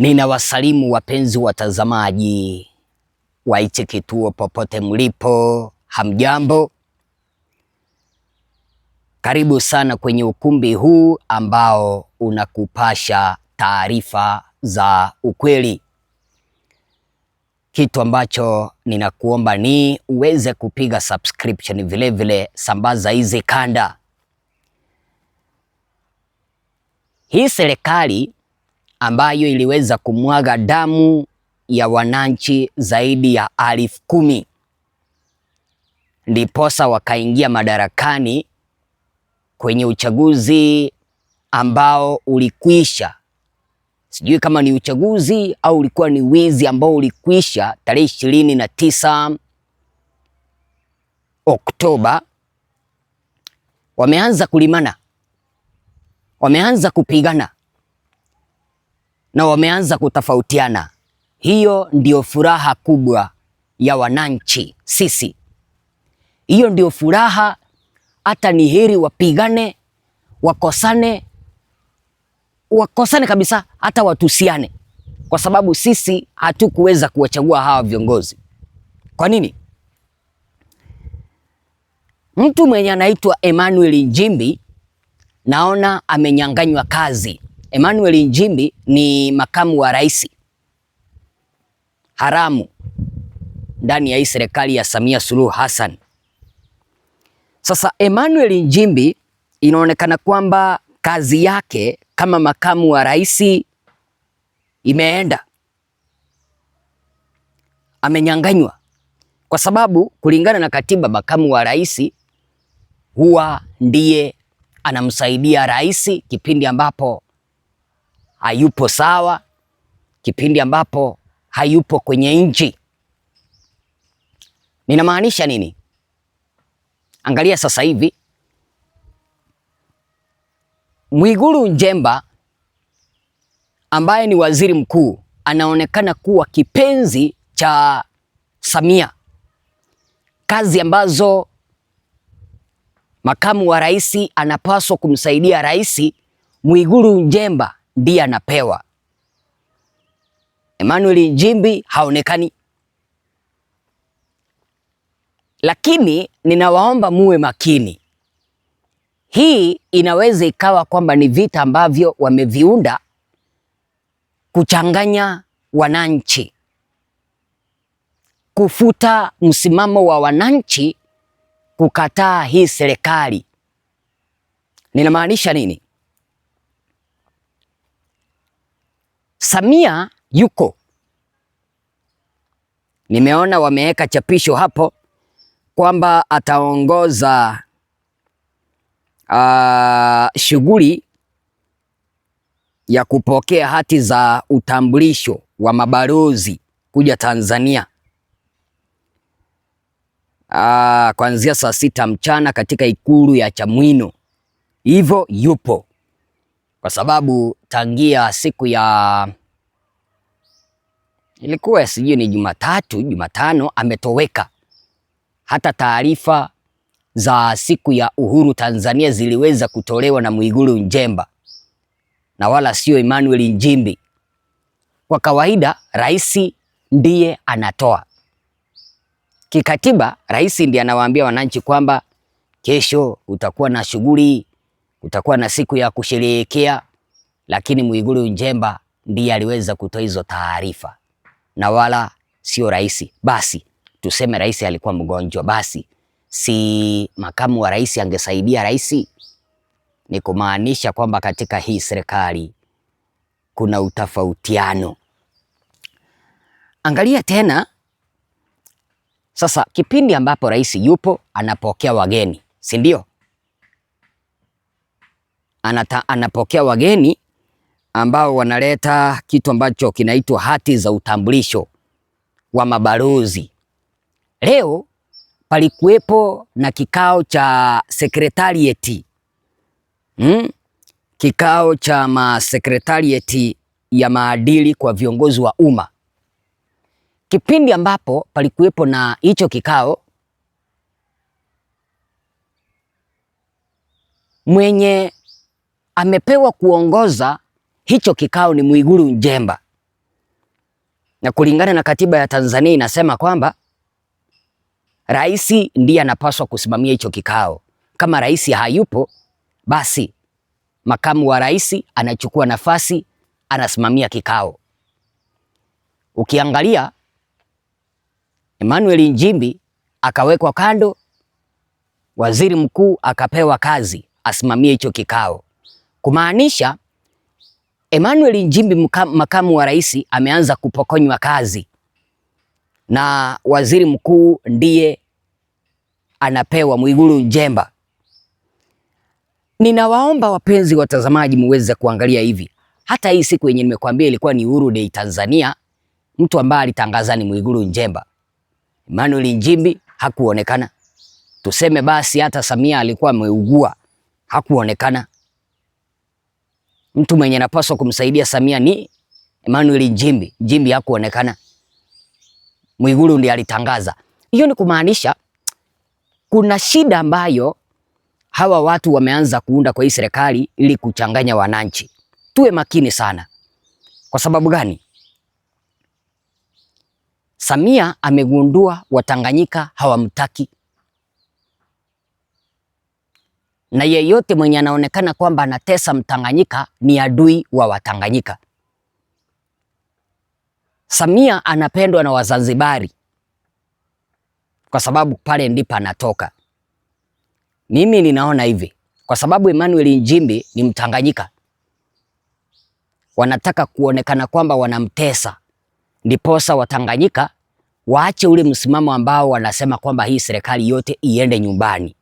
Ninawasalimu wapenzi watazamaji wa hichi kituo popote mlipo, hamjambo? Karibu sana kwenye ukumbi huu ambao unakupasha taarifa za ukweli. Kitu ambacho ninakuomba ni uweze kupiga subscription, vile vile sambaza hizi kanda. Hii serikali ambayo iliweza kumwaga damu ya wananchi zaidi ya elfu kumi ndiposa wakaingia madarakani kwenye uchaguzi ambao ulikwisha, sijui kama ni uchaguzi au ulikuwa ni wizi ambao ulikwisha tarehe ishirini na tisa Oktoba. Wameanza kulimana, wameanza kupigana na wameanza kutofautiana. Hiyo ndio furaha kubwa ya wananchi sisi, hiyo ndio furaha. Hata ni heri wapigane, wakosane, wakosane kabisa, hata watusiane, kwa sababu sisi hatukuweza kuwachagua hawa viongozi. Kwa nini? Mtu mwenye anaitwa Emmanuel Nchimbi naona amenyanganywa kazi Emmanuel Nchimbi ni makamu wa rais haramu ndani ya hii serikali ya Samia Suluhu Hassan. Sasa Emmanuel Nchimbi inaonekana kwamba kazi yake kama makamu wa rais imeenda, amenyanganywa, kwa sababu kulingana na katiba makamu wa rais huwa ndiye anamsaidia rais kipindi ambapo hayupo sawa, kipindi ambapo hayupo kwenye nchi. Ninamaanisha nini? Angalia sasa hivi Mwigulu njemba ambaye ni waziri mkuu anaonekana kuwa kipenzi cha Samia, kazi ambazo makamu wa rais anapaswa kumsaidia rais, Mwigulu njemba ndiye anapewa. Emmanuel Nchimbi haonekani, lakini ninawaomba muwe makini. Hii inaweza ikawa kwamba ni vita ambavyo wameviunda kuchanganya wananchi, kufuta msimamo wa wananchi, kukataa hii serikali. Ninamaanisha nini? Samia yuko, nimeona wameweka chapisho hapo kwamba ataongoza uh, shughuli ya kupokea hati za utambulisho wa mabalozi kuja Tanzania uh, kuanzia saa sita mchana katika ikulu ya Chamwino, hivyo yupo kwa sababu tangia siku ya ilikuwa sijui ni Jumatatu, Jumatano ametoweka. Hata taarifa za siku ya uhuru Tanzania ziliweza kutolewa na Mwigulu Njemba na wala sio Emmanuel Nchimbi. Kwa kawaida rais ndiye anatoa kikatiba, rais ndiye anawaambia wananchi kwamba kesho utakuwa na shughuli utakuwa na siku ya kusherehekea, lakini Mwigulu njemba ndiye aliweza kutoa hizo taarifa na wala sio rais. Basi tuseme rais alikuwa mgonjwa, basi si makamu wa rais angesaidia rais? Ni kumaanisha kwamba katika hii serikali kuna utafautiano. Angalia tena sasa, kipindi ambapo rais yupo anapokea wageni, si ndio? anata, anapokea wageni ambao wanaleta kitu ambacho kinaitwa hati za utambulisho wa mabalozi. Leo palikuwepo na kikao cha sekretarieti hmm? Kikao cha masekretarieti ya maadili kwa viongozi wa umma. Kipindi ambapo palikuwepo na hicho kikao, mwenye amepewa kuongoza hicho kikao ni Mwigulu njemba na kulingana na katiba ya Tanzania inasema kwamba rais ndiye anapaswa kusimamia hicho kikao. Kama rais hayupo, basi makamu wa rais anachukua nafasi, anasimamia kikao. Ukiangalia Emmanuel Nchimbi akawekwa kando, waziri mkuu akapewa kazi asimamie hicho kikao kumaanisha Emmanuel Nchimbi makamu wa rais ameanza kupokonywa kazi na waziri mkuu ndiye anapewa Mwigulu Nchemba. Ninawaomba wapenzi watazamaji, muweze kuangalia hivi. Hata hii siku yenye nimekuambia ilikuwa ni Uhuru Day Tanzania, mtu ambaye alitangaza ni Mwigulu Nchemba. Emmanuel Nchimbi hakuonekana. Tuseme basi hata Samia alikuwa ameugua, hakuonekana mtu mwenye napaswa kumsaidia Samia ni Emmanuel Nchimbi. Nchimbi hakuonekana, Mwigulu ndiye alitangaza. Hiyo ni kumaanisha kuna shida ambayo hawa watu wameanza kuunda kwa hii serikali ili kuchanganya wananchi. Tuwe makini sana. Kwa sababu gani? Samia amegundua Watanganyika hawamtaki na yeyote mwenye anaonekana kwamba anatesa Mtanganyika ni adui wa Watanganyika. Samia anapendwa na Wazanzibari kwa sababu pale ndipo anatoka. Mimi ninaona hivi kwa sababu Emmanuel Nchimbi ni Mtanganyika, wanataka kuonekana kwamba wanamtesa, ndiposa Watanganyika waache ule msimamo ambao wanasema kwamba hii serikali yote iende nyumbani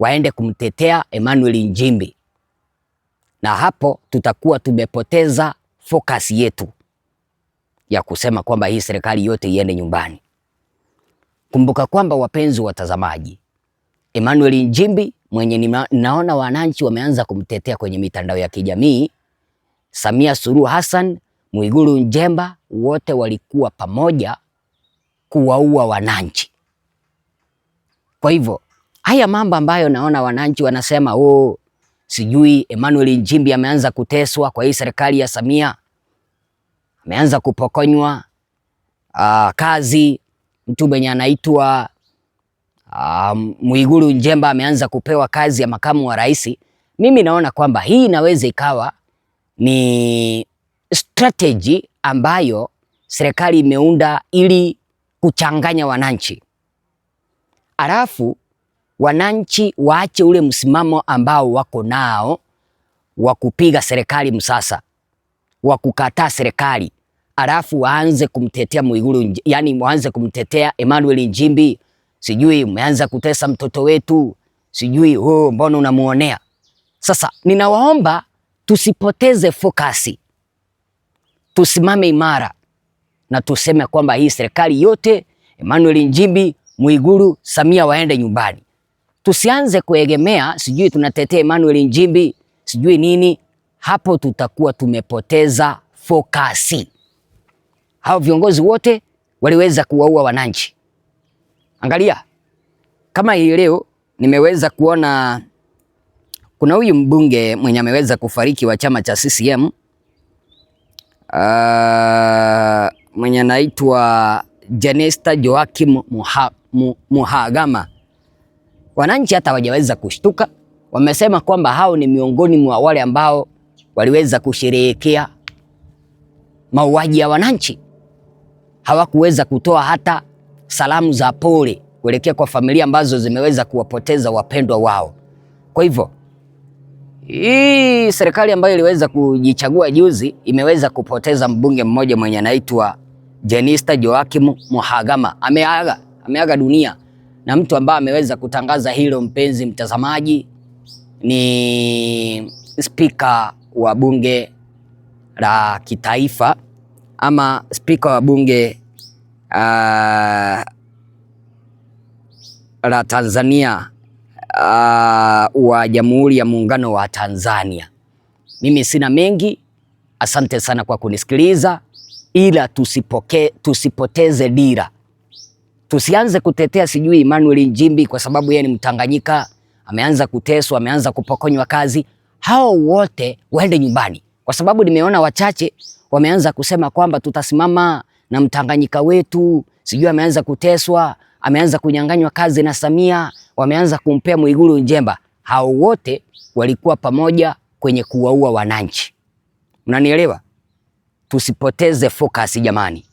waende kumtetea Emmanuel Nchimbi, na hapo tutakuwa tumepoteza focus yetu ya kusema kwamba hii serikali yote iende nyumbani. Kumbuka kwamba wapenzi watazamaji, Emmanuel Nchimbi mwenye naona wananchi wameanza kumtetea kwenye mitandao ya kijamii, Samia Suluhu Hassan, Mwigulu njemba wote walikuwa pamoja kuwaua wananchi. Kwa hivyo Haya mambo ambayo naona wananchi wanasema oh, sijui Emmanuel Nchimbi ameanza kuteswa kwa hii serikali ya Samia, ameanza kupokonywa uh, kazi. Mtu mwenye anaitwa uh, Mwigulu Njemba ameanza kupewa kazi ya makamu wa rais. Mimi naona kwamba hii inaweza ikawa ni strategy ambayo serikali imeunda ili kuchanganya wananchi, alafu wananchi waache ule msimamo ambao wako nao wa kupiga serikali msasa, wa kukataa serikali, alafu waanze kumtetea Mwigulu, yani waanze kumtetea Emmanuel Nchimbi, sijui umeanza kutesa mtoto wetu, sijui oh, mbona unamuonea. Sasa ninawaomba tusipoteze fokasi, tusimame imara na tuseme kwamba hii serikali yote Emmanuel Nchimbi, Mwigulu, Samia waende nyumbani. Tusianze kuegemea sijui tunatetea Emmanuel Nchimbi sijui nini, hapo tutakuwa tumepoteza fokasi. Hao viongozi wote waliweza kuwaua wananchi. Angalia kama hii leo nimeweza kuona kuna huyu mbunge mwenye ameweza kufariki wa chama cha CCM uh, ah, mwenye anaitwa Jenista Joakim Muhagama Wananchi hata hawajaweza kushtuka, wamesema kwamba hao ni miongoni mwa wale ambao waliweza kusherehekea mauaji ya wananchi. Hawakuweza kutoa hata salamu za pole kuelekea kwa familia ambazo zimeweza kuwapoteza wapendwa wao. Kwa hivyo hii serikali ambayo iliweza kujichagua juzi imeweza kupoteza mbunge mmoja mwenye anaitwa Jenista Joakim Mhagama. Ameaga, ameaga dunia na mtu ambaye ameweza kutangaza hilo, mpenzi mtazamaji, ni spika wa bunge la kitaifa ama spika wa bunge uh, la Tanzania uh, wa Jamhuri ya Muungano wa Tanzania. Mimi sina mengi, asante sana kwa kunisikiliza, ila tusipoke, tusipoteze dira. Tusianze kutetea sijui Emmanuel Nchimbi kwa sababu yeye ni Mtanganyika, ameanza kuteswa, ameanza kupokonywa kazi. Hao wote waende nyumbani, kwa sababu nimeona wachache wameanza kusema kwamba tutasimama na Mtanganyika wetu, sijui ameanza kuteswa, ameanza kunyang'anywa kazi na Samia, wameanza kumpea Mwigulu njemba Hao wote walikuwa pamoja kwenye kuwaua wananchi, mnanielewa? Tusipoteze focus jamani.